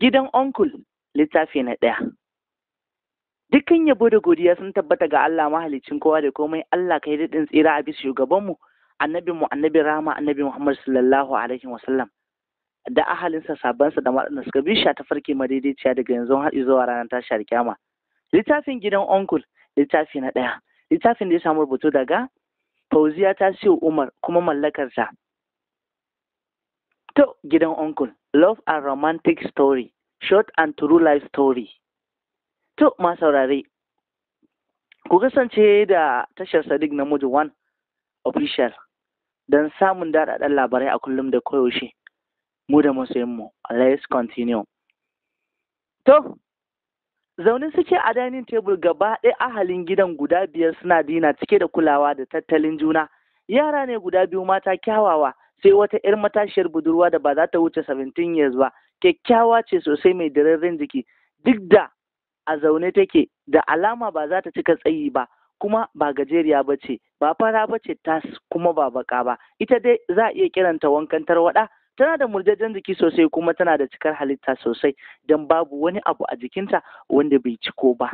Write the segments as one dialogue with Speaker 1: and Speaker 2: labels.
Speaker 1: Gidan onkul littafi na ɗaya. Dukkan yabo da godiya sun tabbata ga Allah mahalicin kowa da komai Allah kai daɗin tsira a bisa shugabanmu annabi mu annabi rama, annabi Muhammad sallallahu alaihi wasallam da ahalinsa sabansa da maɗana suka bi ta farke madaidaiciya daga yanzu har zuwa ranar tashar kyama. Littafin gidan onkul littafi na ɗaya. Littafin da ya samu rubutu daga Fauziya ta siyo Umar kuma mallakarsa To gidan uncle, love and romantic story, short and true life story. To ma ku kasance da tashar Sadiq na Mudu One official don samun daɗaɗɗen labarai a kullum da koyaushe. Mu da masoyinmu, let's continue. To, zaune suke a dining table gaba ɗaya ahalin gidan guda biyar suna dina cike da kulawa da tattalin juna. Yara ne guda biyu mata kyawawa, sai wata 'yar matashiyar budurwa da ba za ta wuce 17 years ba kyakkyawa ce sosai mai dararren jiki duk da a zaune take da alama ba za ta cika tsayi ba kuma ba gajeriya ba ce ba fara ba ce ta kuma ba baka ba ita dai za a iya kiranta wankan tarwaɗa tana da murjajen jiki sosai kuma tana da cikar halitta sosai don babu wani abu a jikinta wanda bai ciko ba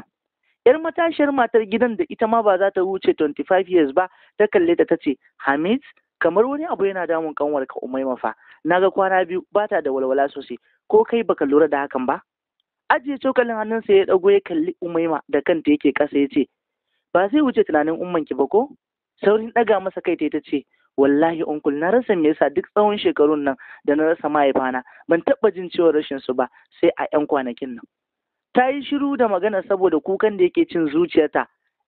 Speaker 1: yar matashiyar matar gidan da ita ma ba za ta wuce 25 years ba ta kalle ta ce hamid kamar wani abu yana damun kanwar ka umaima fa naga kwana biyu bata da walwala sosai ko kai baka lura da hakan ba ajiye cokalin hannunsa ya dago ya kalli umaima da kanta yake kasa ya ce ba zai wuce tunanin ki ba ko saurin ɗaga masa kai ta ce wallahi onkul na rasa me yasa duk tsawon shekarun nan da na rasa mahaifana ban taba jin ciwon rashin su ba sai a yan kwanakin nan ta yi shiru da magana saboda kukan da yake cin zuciyarta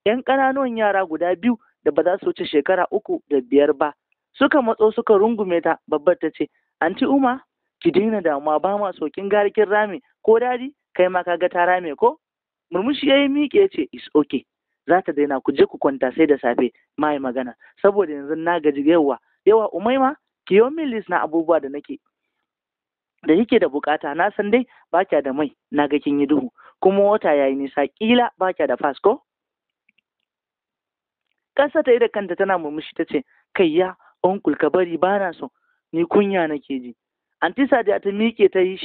Speaker 1: yan kananuwan yara guda biyu da ba za su wuce shekara uku da biyar ba suka matso suka rungume ta babbar ta ce anti uma ki daina damuwa ba ma sokin garikin rami ko dadi kai ma kaga ta rame ko murmushi yayi miƙe ce is okay za ta daina ku je ku kwanta sai da safe mai magana saboda yanzu na gaji yawa yawa umaima ki yo min list na abubuwa da nake da yake da bukata na san dai ba kya da mai na ga kin yi duhu kuma wata yayi nisa kila ba kya da fasko. ko kasa ta yi da kanta tana murmushi ta ce kayya Onkul ka bari ba na so, ni kunya nake ji. Anti Sadiya ta miƙe ta yi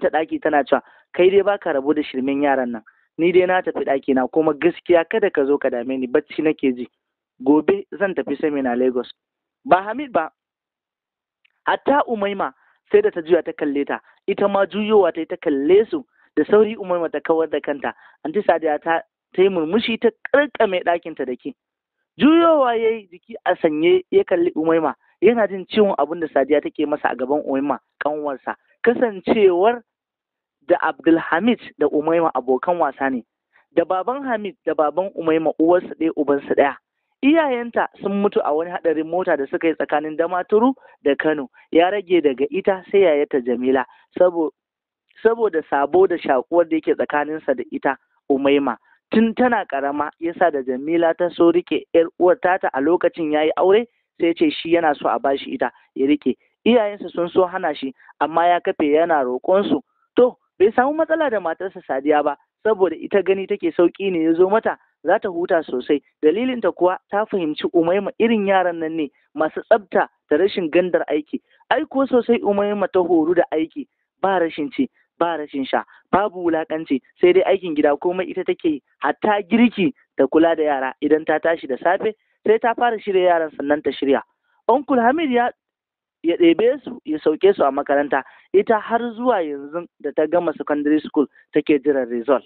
Speaker 1: ta ɗaki tana cewa kai dai baka rabu da shirmen yaran nan. Ni dai na tafi ɗakina, na kuma gaskiya kada ka zo ka dame ni bacci nake ji. Gobe zan tafi na Lagos. Ba Hamid ba. Hatta Umaima sai da ta juya ta kalle ta, ita ma juyowa ta yi ta kalle su da sauri Umaima ta kawar da kanta. Anti Sadiya ta ta yi murmushi ta ƙarƙame ɗakinta da ke. juyowa ya yi jiki a sanye ya kalli umaima yana jin ciwon abin da sadiya take masa a gaban umaima kanwarsa kasancewar da abdulhamid da umaima abokan wasa ne da baban hamid da baban umaima uwarsa ɗaya ubansa ɗaya iyayenta sun mutu a wani haɗarin mota da suka yi tsakanin damaturu da kano ya rage daga ita sai yayata jamila saboda sabo da shakuwar da yake tsakaninsa da ita umaima tun tana karama yasa da Jamila ta so rike yar uwar tata a lokacin yayi aure sai ce shi yana so a bashi ita ya rike iyayensa sun so hana shi amma ya kafe yana roƙon su to bai samu matsala da matarsa Sadiya ba saboda ita gani take sauki ne ya zo mata za ta huta sosai dalilinta kuwa ta fahimci umaima irin yaran nan ne masu tsabta da rashin gandar aiki Aiko ko sosai umaima ta horu da aiki ba rashin ci ba rashin sha babu wulakanci sai dai aikin gida komai ita take hatta girki da kula da yara idan ta tashi da safe sai ta fara shirya yaran sannan ta shirya onkul hamid ya ya ɗebe su ya sauke su a makaranta ita har zuwa yanzu da ta gama secondary school take jiran result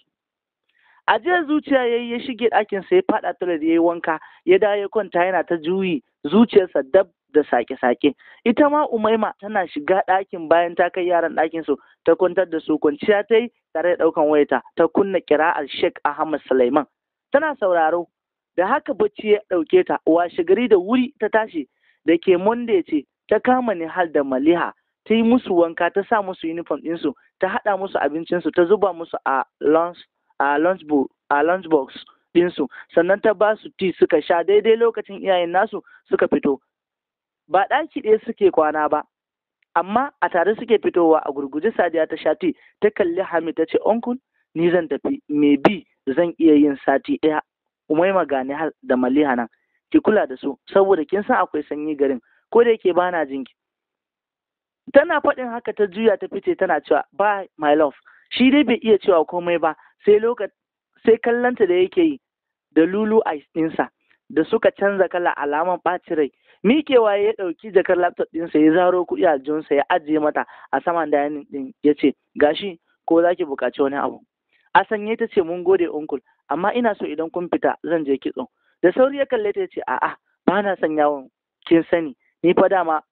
Speaker 1: a jiya zuciya ya yi ya shige ɗakin sai faɗa da ya yi wanka ya dawo ya kwanta yana ta juyi zuciyarsa dab da sake-sake ita ma umaima tana shiga ɗakin bayan ta kai yaran ɗakin su ta kwantar da su kwanciya ta yi tare da ɗaukan wayata ta kunna kira'ar sheikh ahmad Sulaiman. tana sauraro da haka bacci ya ɗauke ta washe gari da wuri ta tashi da ke monday ce ta kama ni nihal da maliha ta yi musu wanka ta sa musu uniform ɗinsu ta haɗa musu abincinsu ta zuba musu a lunch a lunch box ɗinsu sannan ta ba su ti suka sha daidai lokacin iyayen nasu suka fito ba ɗaki ɗaya suke kwana ba amma a tare suke fitowa a gurguje sadiya ta shati ta kalli Hami ta ce onkun ni zan tafi me bi zan iya yin sati ɗaya umai magani har da maliha nan ki kula da su saboda kin san akwai sanyi garin ko da yake bana jinki tana faɗin haka ta juya ta fice tana cewa ba my love shi dai bai iya cewa komai ba sai sai kallanta da yake yi da lulu a ɗinsa da suka canza kala alaman ɓacin rai waye ya ɗauki jakar laptop ɗinsa ya zaro kuɗi a jinsa ya ajiye mata a saman da ɗin ya ce gashi ko za ki buƙaci wani abu a sanye ta ce mun gode uncle amma ina so idan kun fita zan je kitso da sauri ya kalle ta ce a'a ba na son yawon kin sani ni fa dama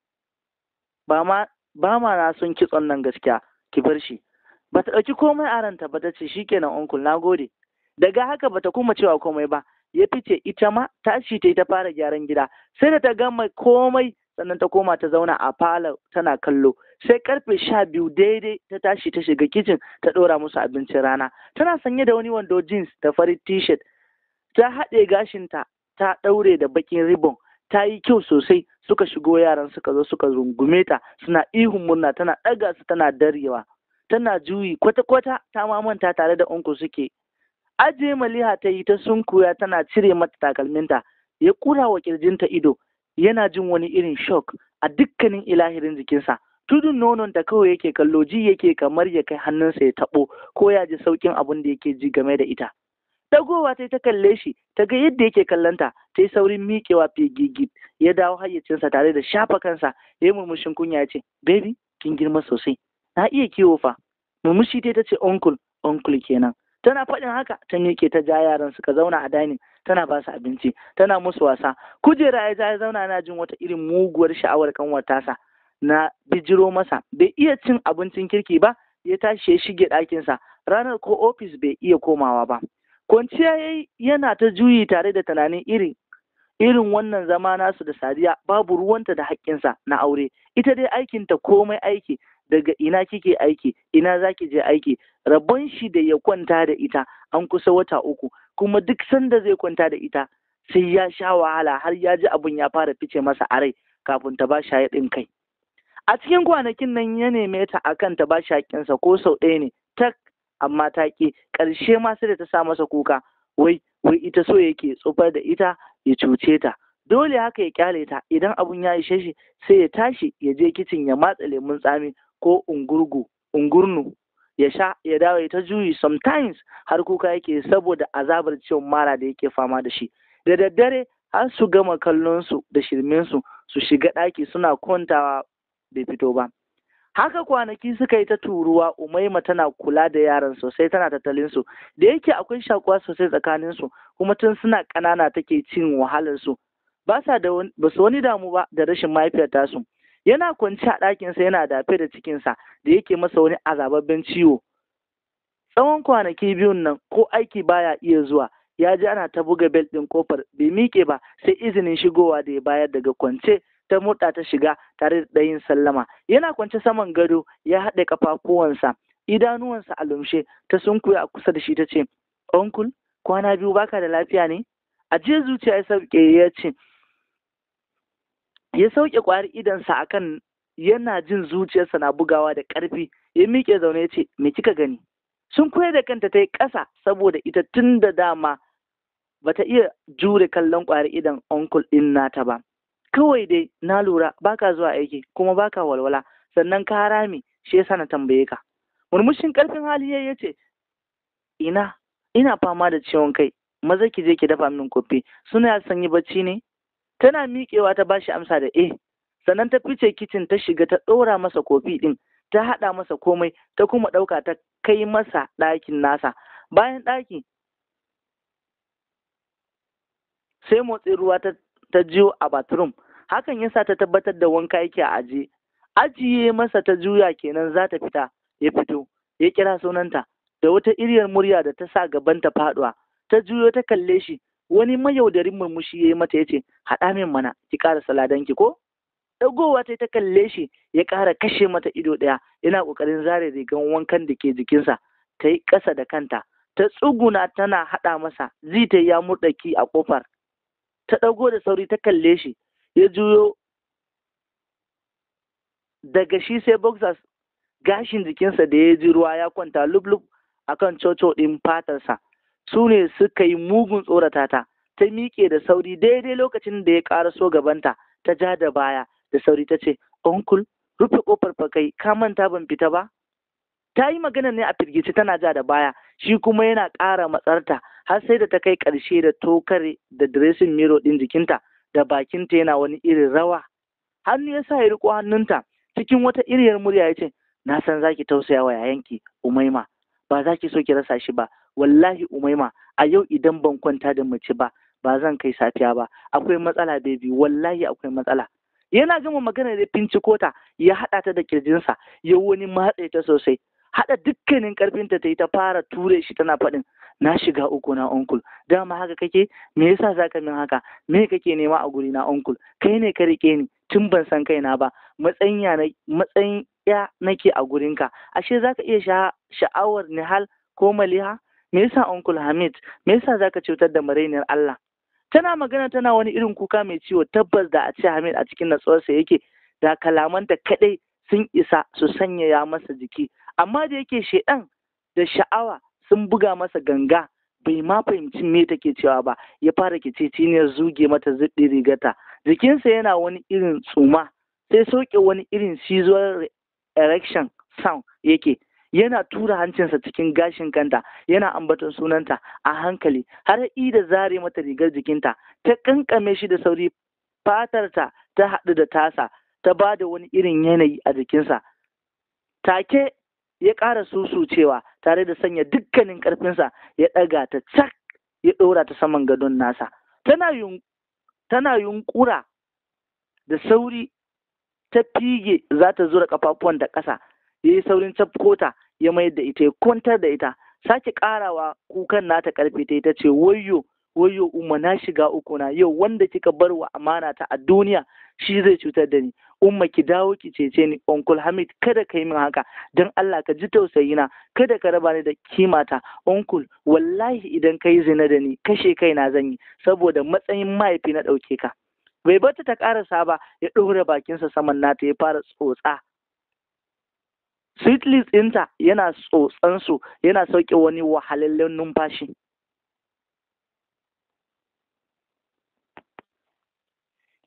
Speaker 1: ba ma ba ma na son kitson nan gaskiya ki bar shi bata ɗauki komai a ranta ba ta ce shikenan uncle na gode daga haka bata kuma cewa komai ba ya fice ita ma tashi ta ta fara gyaran gida sai da ta gama komai sannan ta koma ta zauna a falo tana kallo sai karfe sha biyu daidai ta tashi ta shiga kicin ta ɗora musu abincin rana tana sanye da wani wando jeans da farin t-shirt ta haɗe gashinta ta ɗaure da bakin ribbon ta yi kyau sosai suka shigo yaran suka zo suka rungume ta suna ihun murna tana ɗaga su tana darewa tana juyi kwata-kwata ta mamanta tare da unku suke ajiye maliha ta yi ta sunkuya tana cire mata takalminta ya kura wa kirjinta ido yana jin wani irin shock a dukkanin ilahirin jikinsa tudun nonon da kawai yake kallo ji yake kamar ya kai hannunsa ya taɓo ko ya ji saukin abin da yake ji game da ita dagowa ta ta kalle shi ta ga yadda yake kallonta ta yi saurin miƙewa fegigit ya dawo hayyacinsa tare da shafa kansa ya yi murmushin kunya ya ce baby kin girma sosai na iya kiwo fa murmushi ta ce uncle uncle kenan tana faɗin haka ta miƙe ta ja yaran suka zauna a dining tana ba su abinci tana musu wasa kujera ya ja ya zauna yana jin wata irin muguwar sha'awar kanwar tasa na bijiro masa bai iya cin abincin kirki ba ya tashi ya shige ɗakinsa ranar ko ofis bai iya komawa ba kwanciya ya yana ta juyi tare da tunanin irin irin wannan zama nasu da sadiya babu ruwanta da haƙƙinsa na aure ita dai aikinta komai aiki daga ina kike aiki ina zaki je aiki rabon shi da ya kwanta da ita an kusa wata uku kuma duk sanda zai kwanta da ita sai ya sha wahala har ya ji abun ya fara fice masa a rai kafin ta ba shi din kai a cikin kwanakin nan ya neme ta akan ta ba shi ko sau ɗaya ne tak amma ta ƙi ƙarshe ma sai da ta sa masa kuka wai wai ita so yake tsufar da ita ya cuce ta dole haka ya kyale ta idan abun ya ishe shi sai ya tashi ya je kicin ya matsa lemun tsami ko ungurgu ungurnu ya sha ya dawo ya ta juyi sometimes har kuka yake saboda azabar ciwon mara da yake fama da shi da daddare har su gama kallon su da shirminsu su shiga ɗaki suna kwantawa bai fito ba haka kwanaki suka yi ta turuwa umaima tana kula da yaran sosai tana tattalin su da yake akwai shakuwa sosai tsakanin su kuma tun suna kanana take cin wahalar su ba sa da su wani damu ba da rashin mahaifiyar tasu yana kwance a ɗakinsa yana dafe da cikinsa da yake masa wani azababben ciwo tsawon kwanaki biyun nan ko aiki baya iya zuwa ya ji ana ta buga bel ɗin kofar bai miƙe ba sai izinin shigowa da ya bayar daga kwance ta murɗa ta shiga tare da ɗayin sallama yana kwance saman gado ya haɗe kafafuwansa idanuwansa a lumshe ta sunkuya a kusa da shi ta ce onkul kwana biyu baka da lafiya ne a jiya zuciya ya sauke ya ce ya sauke kwari idansa akan yana jin zuciyarsa na bugawa da ƙarfi ya miƙe zaune ya ce me kika gani sun koyar da kanta ta yi ƙasa saboda ita tun da dama ba ta iya jure kallon kwari idan onkul ɗin nata ba kawai dai na lura baka zuwa aiki kuma baka walwala sannan ka harami." shi yasa na tambaye ka murmushin ƙarfin hali ya ce ina ina fama da ciwon kai maza ki je ki dafa min kofi suna sanyi bacci ne tana miƙewa ta bashi amsa da eh sannan ta fice kicin ta shiga ta ɗora masa kofi ɗin ta haɗa masa komai ta kuma ɗauka ta kai masa ɗakin nasa bayan ɗaki sai motsin ruwa ta, ta jiyo a bathroom hakan yasa ta tabbatar da wanka yake a ajiye ajiye masa ta juya kenan za ta fita ya fito ya kira sunanta da wata iriyar murya da ta sa gaban ta faɗuwa ta juyo ta kalle shi wani mayaudarin murmushi ya yi mata ya ce haɗa min mana ki ƙara ki?' ko ɗagowa ta ta kalle shi ya ƙara kashe mata ido ɗaya yana ƙoƙarin zare rigan wankan da ke jikinsa ta yi ƙasa da kanta ta tsuguna tana haɗa masa ta ya murɗaki a ƙofar ta ɗago da sauri ta kalle shi ya juyo daga shi sai boxers gashin jikinsa da ya ji ruwa ya kwanta a akan coco ɗin fatarsa su ne suka yi mugun tsorata ta ta miƙe da sauri daidai lokacin da ya ƙara so gabanta ta ja da baya da sauri ta ce onkul rufe ƙofar fakai ka manta ban fita ba ta yi magana ne a firgici tana ja da baya shi kuma yana ƙara matsarta har sai da ta kai ƙarshe da tokare da diresin miro ɗin jikinta da bakinta yana wani irin rawa hannu ya sa ya riƙo hannunta cikin wata iriyar murya ya ce na san za ki tausaya wa yayanki umaima ba za ki so ki rasa shi ba wallahi umaima a yau idan ban kwanta da mace ba ba zan kai safiya ba akwai matsala baby wallahi akwai matsala yana gama magana da finciko ta ya haɗa ta da kirjinsa ya wani matsayi ta sosai haɗa dukkanin ƙarfinta ta yi ta fara ture shi tana faɗin na shiga uku na onkul dama haka kake me yasa zaka min haka me kake nema a guri na onkul kai ne ka rike ni tun ban san kai na ba matsayin ya nake a gurinka ashe zaka iya sha'awar nihal ko maliha me yasa uncle Hamid me yasa zaka cutar da marainiyar Allah tana magana tana wani irin kuka mai ciwo tabbas da a ce Hamid a cikin natsuwarsa yake da kalamanta kadai sun isa su sanyaya masa jiki amma da yake shedan da sha'awa sun buga masa ganga bai ma fahimci me take cewa ba ya fara kiceciniyar zuge mata zuɗi rigata jikinsa yana wani irin tsuma sai soke wani irin sizuwar erection sound yake yana tura hancinsa cikin gashin kanta yana ambaton sunanta a hankali har da zare mata rigar jikinta ta kankame shi da sauri fatarta ta haɗu da tasa ta ba da wani irin yanayi a jikinsa take ya ƙara cewa, tare da sanya dukkanin ƙarfinsa ya ɗaga ta cak ya ɗora ta saman gadon nasa tana yunƙura da sauri ta fige za ta zura ƙafafuwan da ƙasa ya yi saurin cafkota ya mayar da ita ya kwantar da ita sake karawa kukan nata karfe ta ita ce wayyo wayyo umma na shiga uku na yau wanda kika bar wa amana ta a duniya shi zai cutar da ni umma ki dawo ki cece ni uncle hamid kada ka yi min haka don allah ka ji tausayi na kada ka raba ni da kimata uncle wallahi idan ka yi zina da ni kashe kai na zan yi saboda matsayin mahaifi na ɗauke ka bai bata ta karasa ba ya ɗora bakinsa saman nata ya fara tsotsa sweetlis ɗinta yana tsotsansu yana sauke wani wahalallen numfashi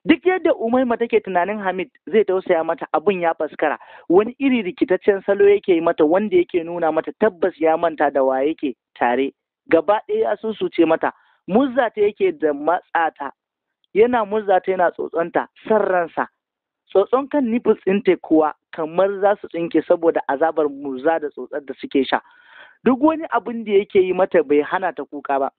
Speaker 1: duk yadda umaima take tunanin hamid zai tausaya mata abin ya faskara wani iri rikitaccen salo yake yi mata wanda yake nuna mata tabbas ya manta da wa yake tare gaba ɗaya sun suce mata muzzata yake da matsata yana muzzata yana tsotsonta san ransa tsotson kan nipples ɗinta kuwa kamar za su tsinke saboda azabar muza da tsotsar da suke sha duk wani abin da yake yi mata bai hana ta kuka ba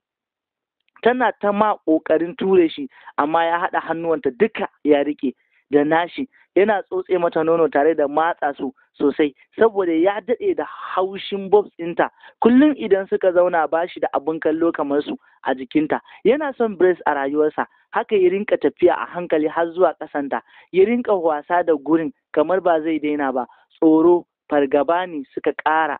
Speaker 1: tana ta ma ƙoƙarin ture shi amma ya haɗa hannuwanta duka ya riƙe da nashi yana tsotse mata nono tare da matsa su sosai saboda ya daɗe da haushin bobs ɗinta kullum idan suka zauna ba shi da abin kallo kamar su a jikinta yana son brace a rayuwarsa haka ya rinka tafiya a hankali har zuwa ƙasanta ya rinka wasa da gurin kamar ba zai daina ba tsoro fargaba ne suka ƙara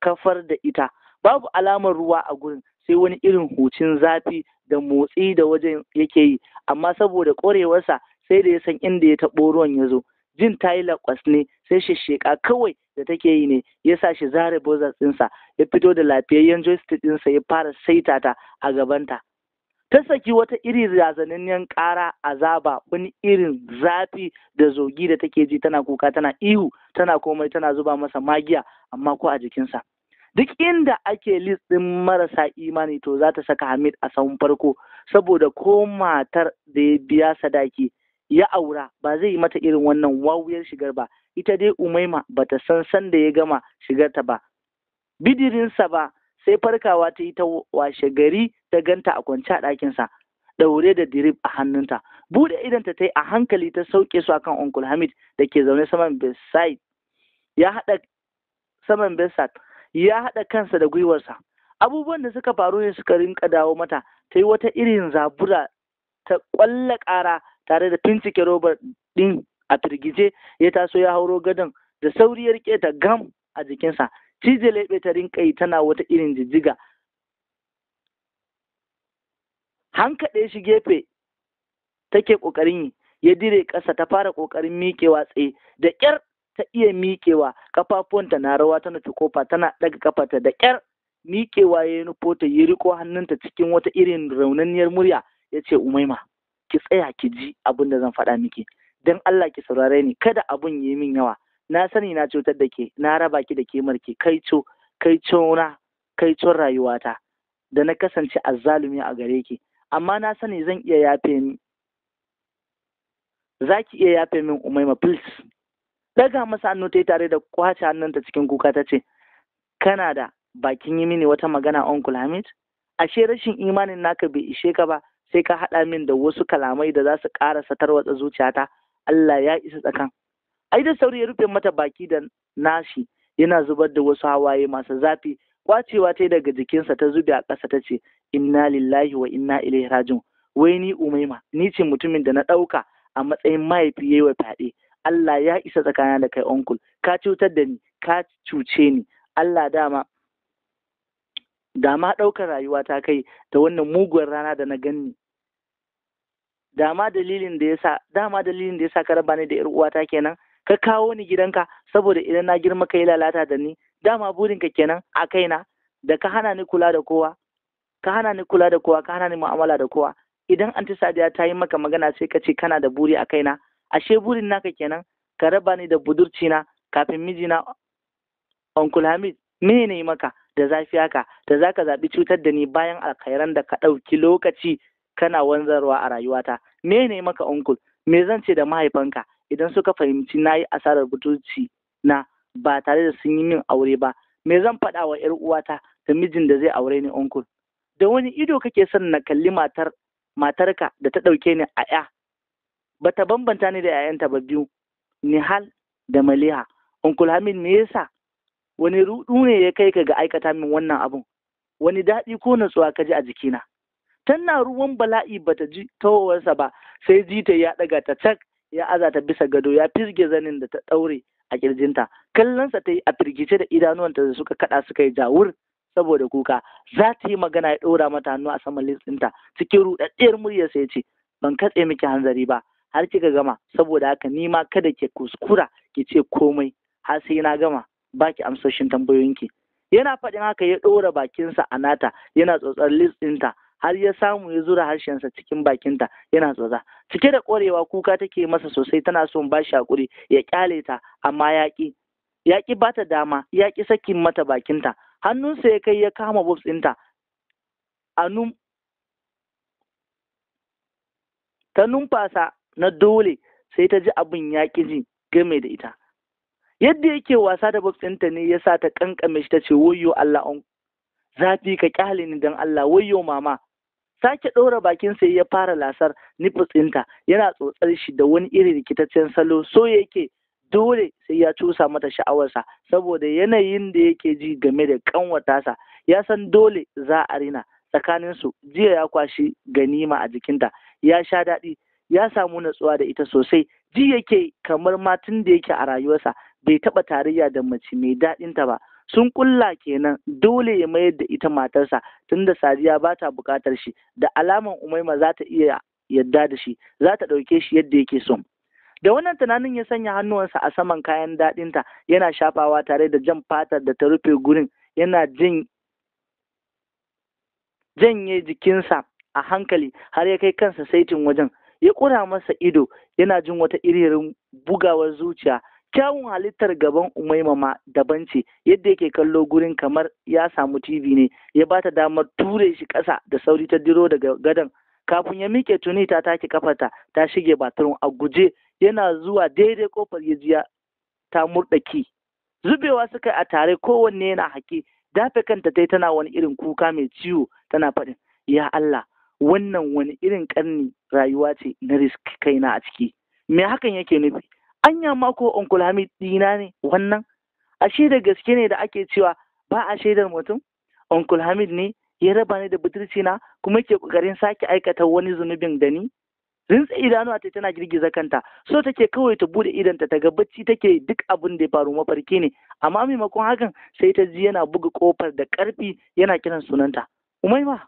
Speaker 1: kafar da ita babu alamar ruwa a gurin sai wani irin hucin zafi da motsi da wajen yake yi amma saboda ƙorewarsa sai da ya san inda ya taɓo ruwan ya zo jin ta yi lakwas ne sai shisheka kawai da take yi ne ya sa shi zare bozas ɗinsa ya fito da lafiyayyen joystick ɗinsa ya fara saita ta a gabanta ta saki wata iri razananyen ƙara azaba wani irin zafi da zogi da take ji tana kuka tana ihu tana komai tana zuba masa magiya amma ko a jikinsa duk inda ake list ɗin marasa imani to za ta saka hamid a sahun farko saboda ko matar da ya biya sadaki ya aura ba zai yi mata irin wannan wawuyar shigar ba ita dai umaima bata san san da ya gama shigarta ba bidirinsa ba sai farkawa ta yi ta washe gari ta ganta a kwance a ɗakinsa ɗaure da dirib a hannunta bude idanta ta yi a hankali ta sauke su akan uncle hamid da ke zaune saman bedside ya haɗa saman bedside ya haɗa kansa da gwiwarsa abubuwan da suka faru ne suka rinka dawo mata ta yi wata irin zabura ta ƙwalla ƙara tare da fincike robar ɗin a firgice ya taso ya hauro gadon da sauri ya riƙe ta gam a jikinsa cije laɓe ta rinka yi tana wata irin jijjiga hankaɗe shi gefe take ƙoƙarin yi ya dire ƙasa ta fara ƙoƙarin miƙewa tsaye da ƙyar ta iya miƙewa kafafuwanta na rawa tana ta kofa tana ɗaga kafata da ƙyar miƙewa ya nufo ta yi riƙo hannunta cikin wata irin raunanniyar murya ya ce umaima ki tsaya ki ji abin da zan faɗa miki dan Allah ki saurare ni kada abun yi min yawa na sani na cutar da ke na raba ki da kimar ki kai co kai na kai con rayuwata da na kasance azzalumi a gare ki amma na sani zan iya yafe ni za ki iya yafe min umaima please daga masa hannu ta tare da kwace hannunta cikin kuka ta ce kana da bakin yi mini wata magana uncle hamid ashe rashin imanin naka bai ishe ka ba sai ka haɗa min da wasu kalamai da za su ƙara satar watsa zuciyata Allah ya isa tsakan ai da sauri ya rufe mata baki da nashi yana zubar da wasu hawaye masu zafi kwacewa ta daga jikinsa ta zube a ƙasa ta ce inna lillahi wa inna ilaihi rajiun wai ni umaima ni ce mutumin da na ɗauka a matsayin mahaifi yayi wa fyaɗe Allah ya isa tsakana da kai onkul ka cutar da ni ka cuce ni Allah dama da ɗaukar rayuwa ta kai da wannan muguwar rana da na ganni dama dalilin da yasa dama dalilin da yasa ka raba ni da yar uwata kenan ka kawo ni gidanka saboda idan na girma ka yi lalata da ni dama burinka kenan a kaina da ka hana ni kula da kowa ka hana ni kula da kowa ka hana ni mu'amala da kowa idan anti sadiya ta yi maka magana sai ka ce kana da buri a kaina ashe burin naka kenan ka raba ni da budurci na kafin mijina uncle hamid mene ne maka da zafi haka da zaka zaɓi cutar da ni bayan alkhairan da ka ɗauki lokaci kana wanzarwa a rayuwata me ne maka uncle me zan ce da mahaifanka idan suka fahimci na yi asarar butulci na ba tare da sun yi min aure ba me zan faɗa wa ‘yar uwata da mijin da zai aure ni uncle da wani ido kake son na kalli matar matarka da ta ɗauke ni a ƴa? ba ta bambanta ni da ‘ya'yanta ba biyu nihal da maliha uncle hamid me yasa wani ruɗu ne ya kai ka ga aikata min wannan abun wani daɗi ko natsuwa ka ji a jikina tana ruwan bala'i bata ji tawowarsa ba sai jita ya ɗaga ta cak ya aza ta bisa gado ya firge zanin da ta ɗaure a kirjinta kallonsa ta yi a firgice da idanuwanta da suka kaɗa suka yi jawur saboda kuka za ta yi magana ya ɗora mata hannu a saman litsinta cikin ruɗaɗɗiyar muryarsa ya ce ban katse miki hanzari ba har kika gama saboda haka ni ma kada ke kuskura ki ce komai har sai na gama baki amsoshin tambayoyinki yana faɗin haka ya ɗora bakinsa a nata yana tsotsar litsinta har ya samu ya zura harshensa cikin bakinta yana tsotsa cike da ƙwarewa kuka take masa sosai tana son ba shi hakuri ya ƙyale ta amma ya ƙi ba ta dama ya sakin mata bakinta hannunsa ya kai ya kama bobs ɗinta ta numfasa na dole sai ta ji abin ya ji game da ita yadda yake wasa da bobs ɗinta ne ya sa ta kankame shi ta ce woyo Allah zafi ka kyale ni don Allah wayyo mama sake ɗora bakin sai ya fara lasar nipis ɗinta yana tsotsar shi da wani irin rikitaccen salo so yake dole sai ya cusa mata sha'awarsa saboda yanayin da yake ji game da kanwatarsa ya san dole za a rina tsakaninsu jiya ya kwashi ganima a jikinta ya sha daɗi ya samu natsuwa da ita sosai ji yake kamar matan da yake a rayuwarsa bai taɓa tarayya da mace mai daɗinta ba sun kulla kenan dole ya mayar da ita matarsa tunda sadiya ba ta bukatar shi da alaman umaima za ta iya yadda da shi za ta ɗauke shi yadda yake so da wannan tunanin ya sanya hannuwansa a saman kayan daɗinta yana shafawa tare da jan fatar da ta rufe gurin yana jin janye jikinsa a hankali har ya kai kansa saitin wajen ya ƙura masa ido yana jin wata irin bugawar zuciya kyawun halittar gaban umaima ma daban ce yadda yake kallo gurin kamar ya samu tv ne ya ba ta damar ture shi ƙasa da sauri ta diro daga gadon kafin ya miƙe tuni ta take kafarta ta shige baturin a guje yana zuwa daidai kofar yajiya ta murɗaki zubewa suka a tare kowanne yana haƙi dafe kanta tai tana wani irin kuka mai ciwo tana faɗin ya Allah wannan wani irin ƙarni rayuwa ce na risk kaina a ciki me hakan yake nufi anya mako ko Hamid dina ne wannan ashe da gaske ne da ake cewa ba a shaidar mutum Uncle Hamid ne ya raba ni da butulci na kuma ke kokarin sake aikata wani zunubin da ni rintsa idanuwa ta tana girgiza kanta so take kawai ta bude idanta ta ga bacci take duk abin da ya faru mafarki ne amma maimakon hakan sai ta ji yana buga kofar da karfi yana kiran sunanta umaima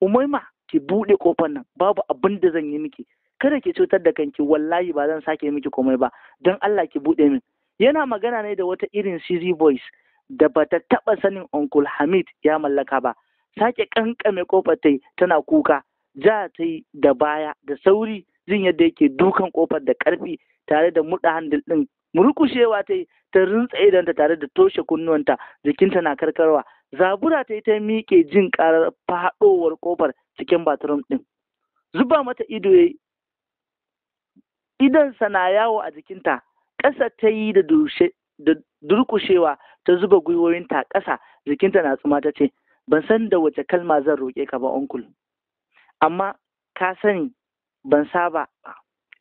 Speaker 1: umaima ki bude kofar nan babu abin da zan yi miki kada ki cutar da kanki wallahi ba zan sake miki komai ba don Allah ki buɗe min yana magana ne da wata irin siri voice da bata taɓa sanin uncle Hamid ya mallaka ba sake kankame kofar ta tana kuka ja ta yi da baya da sauri jin yadda yake dukan kofar da karfi tare da muɗa handle ɗin murkushewa ta yi ta rintsa idanta tare da toshe kunnuwanta jikinta na karkarwa zabura ta yi ta miƙe jin karar fadowar kofar cikin bathroom ɗin zuba mata ido idansa na yawo a jikinta ƙasa ta yi da durkushewa ta zuba gwiwoyinta ƙasa jikinta na tsuma ta ce ban san da wace kalma zan roƙe ka ba onkul amma ka sani ban saba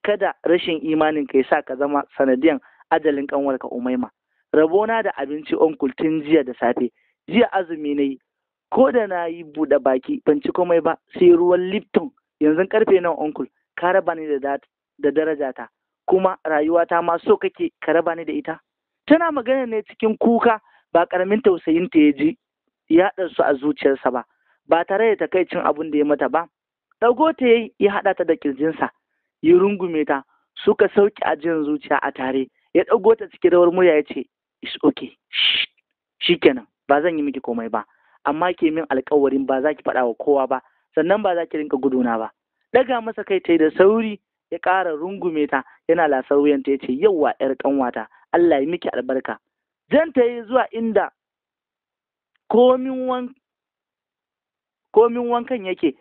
Speaker 1: kada rashin imanin ka sa ka zama sanadiyan ajalin kanwarka umaima rabona da abinci onkul tun jiya da safe jiya azumi na yi ko da na yi buɗe baki ban ci komai ba sai ruwan lipton yanzu karfe nan onkul ka raba ni da da darajata kuma rayuwata ma so kake ka raba ni da ita tana magana ne cikin kuka ba karamin tausayin ta ya ji ya su a zuciyarsa ba ba tare da takaicin abin da ya mata ba ɗago ta yayi ya haɗa ta da kirjinsa ya rungume ta suka sauki a jin zuciya a tare ya ɗago ta cikin rawar murya ya ce is okay shikenan ba zan yi miki komai ba amma ke min alkawarin ba za ki faɗa wa kowa ba sannan ba za ki rinka guduna ba ɗaga masa kai ta da sauri ya ƙara rungume ta yana lasar wuyanta ya ce yauwa ‘yar ƙanwata Allah ya miki albarka jan ta yi zuwa inda komin wankan yake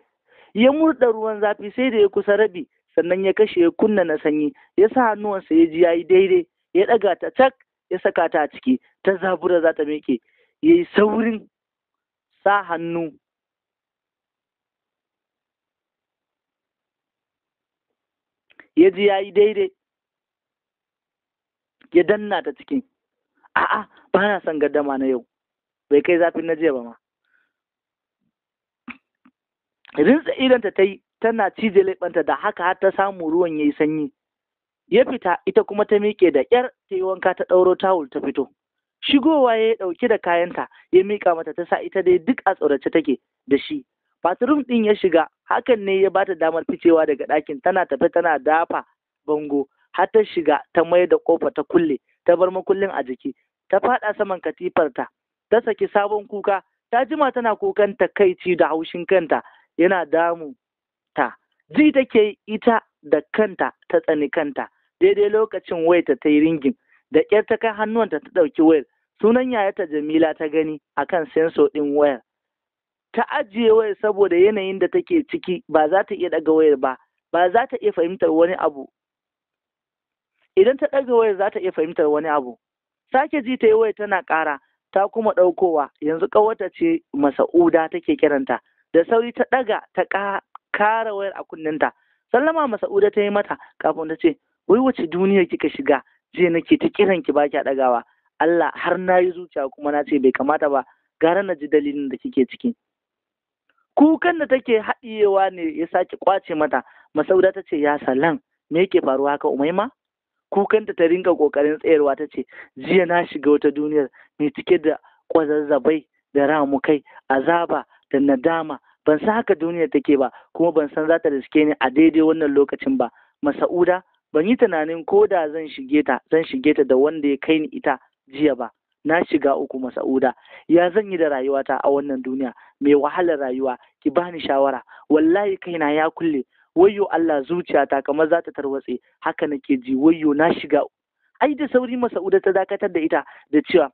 Speaker 1: ya murɗa ruwan zafi sai da ya kusa rabi sannan ya kashe ya kunna na sanyi ya sa hannuwansa ya ji ya yi daidai ya ɗaga ta cak ya saka ta a ciki ta zabura za ta miƙe ya yi saurin sa hannu ya ji ya yi daidai ya danna ta cikin a'a ba na son gaddama na yau bai kai zafin na jiya ba ma rinsa idanta ta yi tana cije laifanta da haka har ta samu ruwan ya yi sanyi ya fita ita kuma ta miƙe da ƙyar ta yi wanka ta ɗauro tawul ta fito shigowa ya yi ɗauki da kayanta ya miƙa mata ta sa ita dai duk a tsorace take da shi bathroom ɗin ya shiga hakan ne ya bata damar ficewa daga ɗakin tana tafe tana dafa bango har ta shiga ta mai da kofa ta kulle ta bar makullin a jiki ta faɗa saman katifarta ta saki sabon kuka ta jima tana kukan takaici da haushin kanta yana damu ta ji take ita da kanta ta tsani kanta daidai lokacin wayarta ta yi ringin da kyar ta kai hannuwanta ta ɗauki wayar sunan yayata jamila ta gani akan sensor ɗin wayar ta ajiye wayar saboda yanayin da take ciki ba za ta iya ɗaga wayar ba ba za ta iya fahimtar wani abu idan ta ɗaga wayar za ta iya fahimtar wani abu sake ji ta yi wayar tana kara ta kuma ɗaukowa yanzu ƙawarta ce masa'uda take kiranta da sauri ta ɗaga ta kara wayar a kunninta sallama masa'uda ta yi mata kafin ta ce wai wace duniya kika shiga je nake ta kiran ki baki ɗagawa Allah har na yi zuciya kuma na ce bai kamata ba gara na ji dalilin da kike ciki kukan da take haɗiyewa ne ya sake kwace mata masauda ta ce ya salan me yake faruwa haka umaima kukanta ta rinka kokarin tsayarwa ta ce jiya na shiga wata duniyar mai cike da kwazazzabai da ramukai azaba da nadama ban san haka duniyar take ba kuma ban san za ta riske ni a daidai wannan lokacin ba masauda ban yi tunanin ko da zan shige ta zan shige ta da wanda ya kai ni ita jiya ba na shiga uku masa'uda ya zan yi da rayuwata a wannan duniya mai wahalar rayuwa ki bani shawara wallahi kaina ya kulle wayyo Allah zuciyata kamar za ta tarwatse haka nake ji wayyo na shiga ai da sauri masa'uda ta dakatar da ita da cewa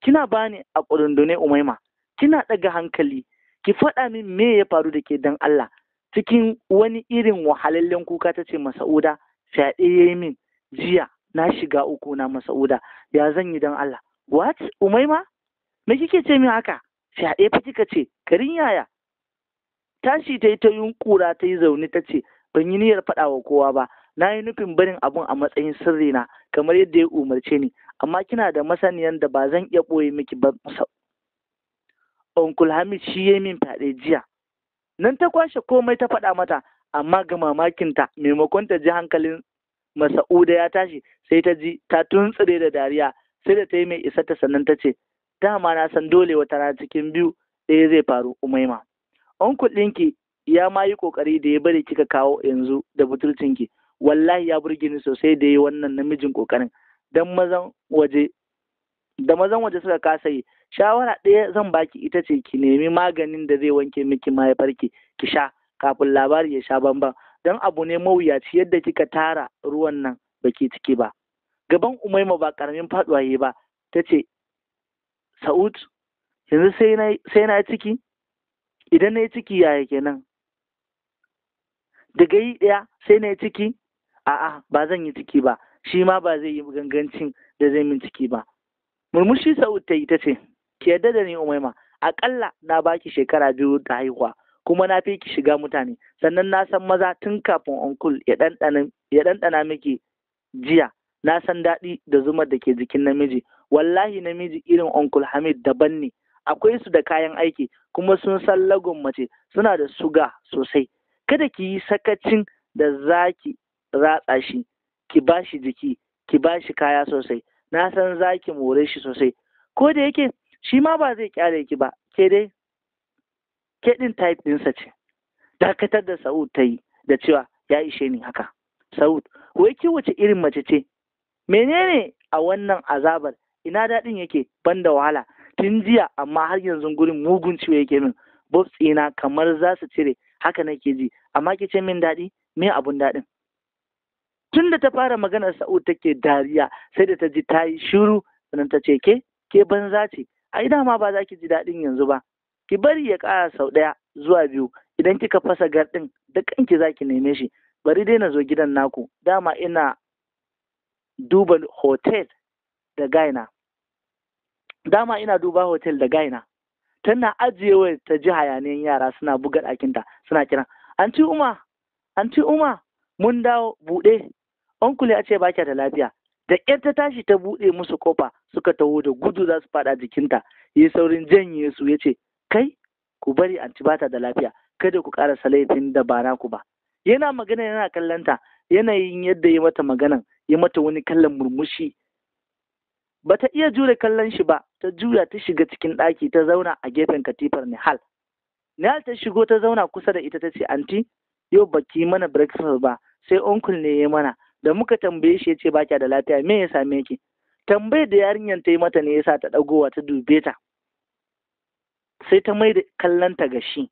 Speaker 1: kina bani a kurundune umaima kina daga hankali ki faɗa min me ya faru da ke dan Allah cikin wani irin wahalallen kuka ta ce masa'uda fyaɗe ya yi min jiya na shiga uku na masa'uda ya zan yi dan Allah what umaima me kike ce min haka fyaɗe fa kika ce karin yaya tashi ta yi ta yunkura ta yi zaune ta ce ban yi niyyar faɗa wa kowa ba na yi nufin barin abun a matsayin sirri na kamar yadda ya umarce ni amma kina da masaniyar da ba zan iya ɓoye miki ba Onkul Hamid shi ya min fyaɗe jiya. Nan ta kwashe komai ta faɗa mata, amma ga mamakin ta, maimakon ta ji hankalin Masa'uda ya tashi sai ta ji ta tuntsire da dariya sai da ta yi mai isa ta sannan ta ce dama na san dole wata rana cikin biyu ɗaya zai faru umaima onkul ɗinki ya ma yi ƙoƙari da ya bari kika kawo yanzu da butulcinki wallahi ya burge ni sosai da ya yi wannan namijin ƙoƙarin dan mazan waje da mazan waje suka kasa yi shawara ɗaya zan baki ita ce ki nemi maganin da zai wanke miki mahaifarki ki sha kafin labari ya sha bamban don abu ne mawuyaci yadda kika tara ruwan nan baki ciki ba gaban umaima ba karamin faduwa yi ba ta ce sa'ud yanzu sai na yi ciki idan na yi ciki yaya kenan daga yi ɗaya sai na yi ciki a'a ba zan yi ciki ba shi ma ba zai yi gangancin da zai min ciki ba murmushi sa'ud ta yi ta ce ki yarda da ni umaima aƙalla na baki shekara biyu da haihuwa kuma na fi ki shiga mutane sannan na san maza tun kafin onkul ya ɗanɗana miki jiya na san daɗi da zumar da ke jikin namiji wallahi namiji irin onkul hamid daban ne akwai su da kayan aiki kuma sun san lagon mace suna da suga sosai kada ki yi sakacin da za ki ratsa shi ki ba shi jiki ki ba shi kaya sosai na san za ki more shi sosai ko da yake shi ma ba zai kyale ki ba ke dai ke din type ɗinsa ce dakatar da sa'ud ta yi da cewa ya ishe ni haka sa'ud wai ki wace irin mace ce menene a wannan azabar ina daɗin yake ban da wahala tun jiya amma har yanzu gurin mugun ciwo yake min bobs ina kamar za su cire haka nake ji amma ke ce min daɗi me abun daɗin tun da ta fara magana sa'ud take dariya sai da ta ji ta yi shiru sannan ta ce ke ke banza ce ai dama ba za ki ji daɗin yanzu ba ki bari ya ƙara sau ɗaya zuwa biyu idan kika fasa garɗin, da kanki za ki neme shi bari dai na zo gidan naku dama ina duba hotel da gaina dama ina duba hotel da gaina tana ajiyewa ta ji hayaniyan yara suna buga ɗakinta suna kira an ci uma an uma mun dawo buɗe onkule a ce ba da lafiya da ƙyar ta tashi ta buɗe musu kofa suka taho da gudu za su faɗa jikinta yi saurin janye su ya ce kai ku bari an ci bata da lafiya kada ku ƙara salaifin da ba ku ba yana magana yana kallanta yanayin yadda ya mata maganan ya mata wani kallon murmushi ba ta iya jure kallon shi ba ta juya ta shiga cikin ɗaki ta zauna a gefen katifar Nihal. Nihal ta shigo ta zauna kusa da ita ta ce anti yau baki mana breakfast ba sai onkul ne ya mana da muka tambaye shi ya ce baki da lafiya me ya same ki tambayar da yarinyar ta yi mata ne yasa ta ɗagowa ta dube ta sai ta mai da kallon ta ga shi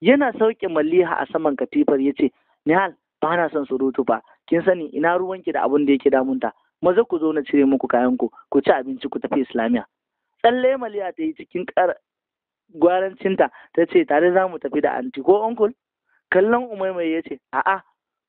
Speaker 1: yana sauke maliha a saman katifar ya ce Nihal ba na son surutu ba kin sani ina ruwanki da abin da yake damunta maza ku zo na cire muku kayan ku ku ci abinci ku tafi islamiya tsalle maliya ta yi cikin gwarancinta ta ce tare za mu tafi da anti ko uncle? kallon umaimai ya ce a'a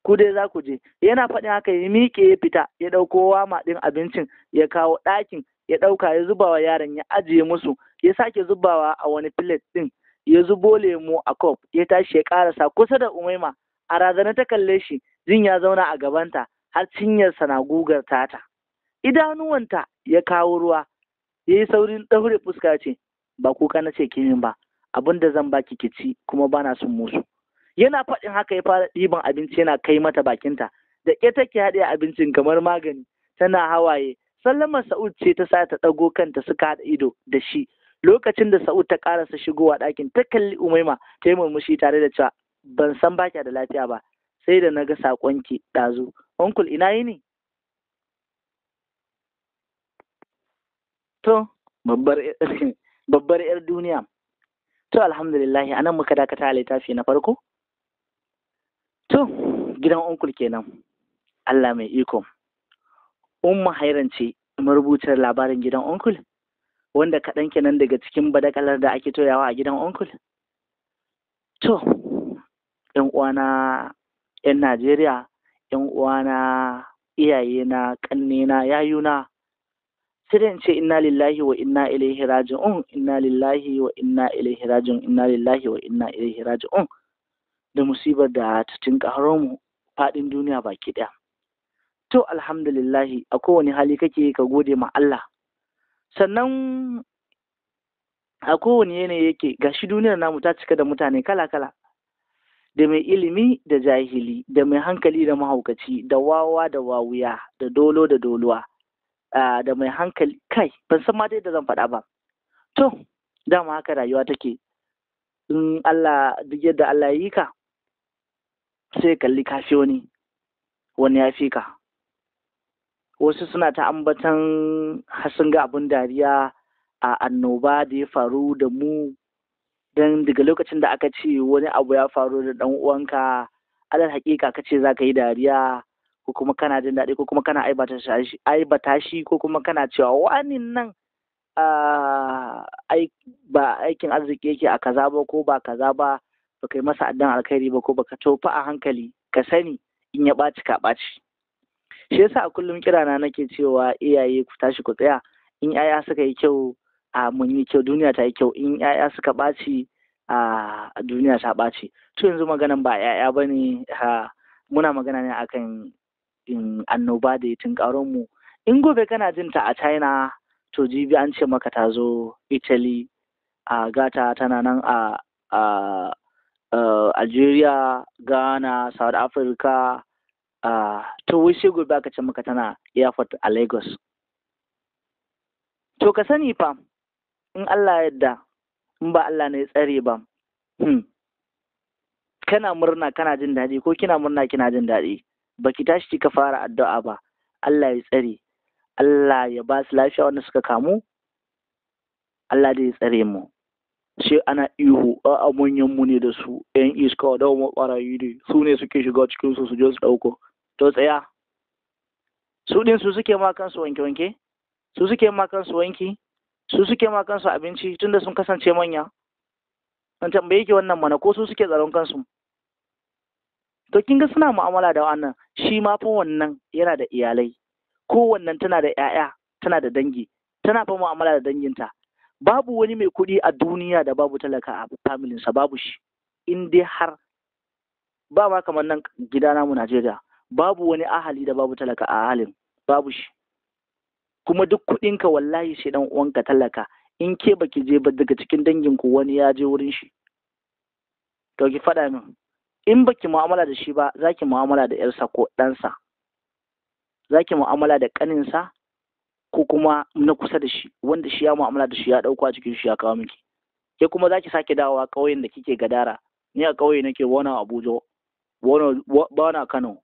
Speaker 1: ku dai za ku je yana faɗin haka ya miƙe ya fita ya ɗauko wama ɗin abincin ya kawo ɗakin ya ɗauka ya zubawa yaron ya ajiye musu ya sake zubawa a wani filet ɗin ya zubo lemu a kof ya tashi ya ƙarasa kusa da umaima a razana ta kalle shi jin ya zauna a gabanta har cinyarsa na gugar tata idanuwanta ya kawo ruwa ya yi saurin ɗaure fuska ce ba kuka na ce kimin ba abin da zan baki ki ci kuma bana son musu yana faɗin haka ya fara ɗiban abinci yana kai mata bakinta da ke take haɗe abincin kamar magani tana hawaye sallamar sa'ud ce ta sa ta ɗago kanta suka haɗa ido da shi lokacin da sa'ud ta ƙarasa shigowa ɗakin ta kalli umaima ta yi murmushi tare da cewa ban san baki da lafiya ba sai da na ga saƙonki ɗazu onkul ina yini to babbar yar duniya to alhamdulillah a nan muka dakata a littafi na farko to gidan onkul kenan allah mai iko umma hairan ce marubuciyar labarin gidan onkul wanda kaɗan kenan daga cikin badakalar da ake toyawa a gidan onkul to ‘yan uwana 'yan Najeriya, 'yan uwana, iyayena, ƙannena, yayuna. Sai dai in ce inna lillahi wa inna ilaihi raji'un, inna lillahi wa inna ilaihi raji'un, inna lillahi wa inna ilaihi raji'un. Da musibar da ta tinkaro mu faɗin duniya baki ɗaya. To alhamdulillahi a kowane hali kake ka gode ma Allah. Sannan a kowane yanayi yake gashi duniyar namu ta cika da mutane kala-kala da mai ilimi da jahili da mai hankali da mahaukaci da wawa da wawuya da dolo da doluwa da mai hankali kai ban san ma da zan faɗa ba to dama haka rayuwa take in Allah duk yadda Allah ya yi ka sai kalli ka fi wani wani ya fi ka wasu suna ta ambatan hasin ga abin dariya a annoba da ya faru da mu don daga lokacin da aka ce wani abu ya faru da dan uwanka alal hakika ka ce za ka yi dariya ko kuma kana jin daɗi ko kuma kana aibata shi ko kuma kana cewa wani nan ah, ba aikin arziki yake a kaza ba ko ba kaza ba ba kai masa addan alkhairi ba ko ba ka tofa a hankali ka sani in ya ɓaci ka ɓaci shi yasa a kullum kirana nake cewa iyaye ku tashi ku tsaya in 'ya'ya suka yi kyau a mun yi kyau duniya ta yi kyau in 'ya'ya suka ɓaci a duniya ta ɓaci to yanzu maganan ba 'ya'ya ba ne muna magana ne akan annoba da ya tunkaron mu in gobe kana jin ta a china to jibi an ce maka ta zo italy a gata tana nan a algeria ghana south africa to wai sai gobe aka ce maka tana airport a lagos to ka sani fa in Allah yadda in ba Allah ne tsare ba hmm. kana murna kana jin daɗi ko kina murna kina jin daɗi baki tashi kika fara addu'a ba Allah ya tsare Allah ya ba su lafiya wanda suka kamu Allah dai ya tsare mu sai ana ihu a amonyan mu ne da su yan iska da mu barayi ne su ne suke shiga cikin su su je su dauko to tsaya su din su suke ma kansu wanke wanke su suke ma kansu wanki su suke ma kansu abinci tunda sun kasance manya an tambaye ki wannan mana ko su suke tsaron kansu to kin ga suna mu'amala da wannan shi ma fa wannan yana da iyalai ko wannan tana da 'ya'ya tana da dangi tana fa mu'amala da danginta babu wani mai kuɗi a duniya da babu talaka a familinsa babu shi in dai har ba ma kamar nan gida namu Najeriya babu wani ahali da babu talaka a ahalin babu shi kuma duk kuɗinka wallahi sai dan uwanka talaka in ke baki je ba daga cikin dangin ku wani ya je wurin shi to ki faɗa min in baki mu'amala da shi ba zaki mu'amala da yarsa ko ɗansa zaki mu'amala da ƙaninsa ko kuma na kusa da shi wanda shi ya mu'amala da shi ya ɗauko a cikin shi ya kawo miki ke kuma zaki sake dawowa ƙauyen da kike gadara ni a ƙauye nake wani Abuja wani ba na Kano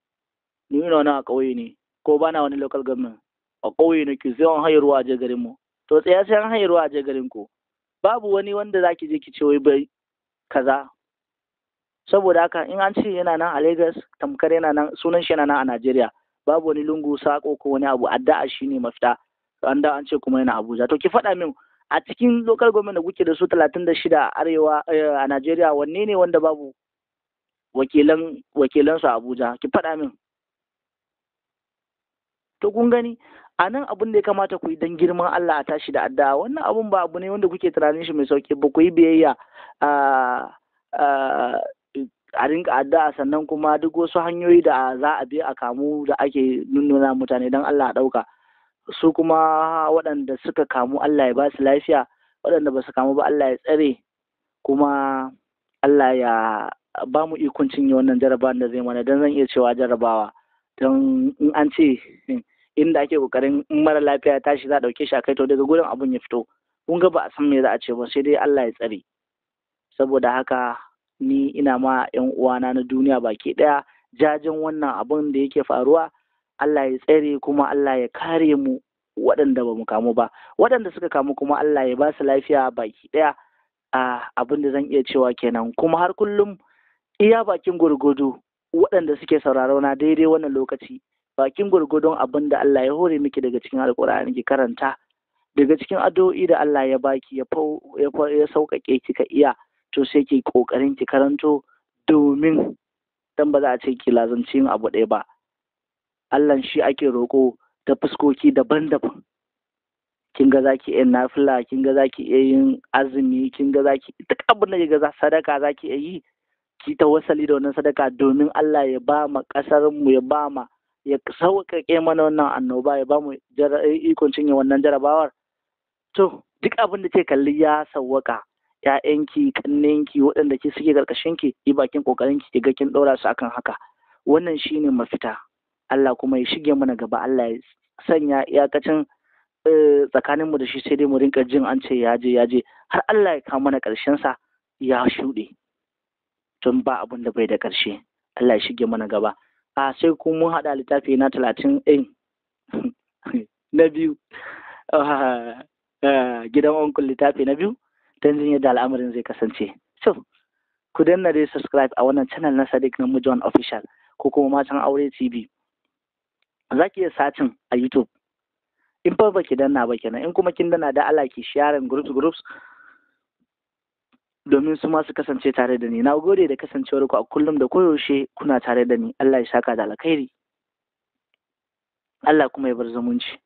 Speaker 1: ni ina wani a ƙauye ne ko ba na wani local government a ƙauye na ke zai hayarwa a jagarin mu to tsaya sai an hayarwa a jagarin ku babu wani wanda zaki je ki ce wai bai kaza saboda haka in an ce yana nan a Lagos tamkar yana nan sunan shi yana nan a Najeriya babu wani lungu sako ko wani abu addu'a shine mafita an da an ce kuma yana Abuja to ki faɗa min a cikin local government da kuke da su 36 arewa eh, a Najeriya wanne ne wanda babu wakilan wakilan a Abuja ki faɗa min to kun gani a nan abin da ya kamata ku yi don girman Allah a tashi da addu'a wannan abun ba abu ne wanda kuke tunanin shi mai sauki ba ku yi biyayya a rinka addu'a sannan kuma duk wasu hanyoyi da za a bi a kamu da ake nuna mutane don Allah a ɗauka su kuma waɗanda suka kamu Allah ya ba su lafiya waɗanda ba su kamu ba Allah ya tsare kuma Allah ya ba mu ikon cinye wannan jarabawa da zai mana don zan iya cewa jarabawa don in an ce inda ake kokarin in mara lafiya ya tashi za a ɗauke shi a kai to daga gurin abun ya fito kun ga ba a san me za a ce ba sai dai Allah ya tsare saboda haka ni ina ma yan uwana na duniya baki ɗaya jajen wannan abun da yake faruwa Allah ya tsare kuma Allah ya kare mu waɗanda ba mu kamu ba waɗanda suka kamu kuma Allah ya ba su lafiya baki ɗaya abin da zan iya cewa kenan kuma har kullum iya bakin gurgudu waɗanda suke sauraro na daidai wannan lokaci bakin gurgudun abin da Allah ya hore miki daga cikin alkur'ani ki karanta daga cikin addu'o'i da Allah ya baki ya ya sauƙaƙe ka iya to sai ki kokarin ki karanto domin dan ba za a ce ki lazanci yin abu ɗaya ba Allah shi ake roƙo ta fuskoki daban-daban kin ga zaki yin nafila kin ga zaki iya yin azumi kin ga zaki duk abin da ga sadaka zaki iya yi ki ta wasali da wannan sadaka domin Allah ya ba ma kasar mu ya ba ma ya sauƙaƙe mana wannan annoba ya bamu eh, ikon cinye wannan jarabawar to duk abin da ke kalli ya sauwaka ƴaƴanki ƙannenki waɗanda ke suke ƙarƙashinki yi bakin ƙoƙarinki ki ga kin ɗora su akan haka wannan shine mafita Allah kuma ya shige mana gaba Allah ya sanya iyakacin eh, tsakaninmu da shi sai dai mu rinƙa jin an ce ya je ya je har Allah ya kawo mana ƙarshen ya shuɗe tun ba abin da bai da ƙarshe Allah ya shige mana gaba a sai kuma mun haɗa littafi na talatin ɗin eh, na biyu ah, ah, gidan onkul littafi na biyu don jin yadda al'amarin zai kasance so ku danna dai subscribe a wannan channel na sadiq na mujon official ko kuma matan aure tv za ki iya satin a youtube in ba ki danna ba kenan in kuma kin danna da Allah ki sharing groups groups domin su ma su kasance tare da ni na gode da kasancewar ku a kullum da koyaushe kuna tare da ni Allah ya saka da alkhairi Allah kuma ya bar zumunci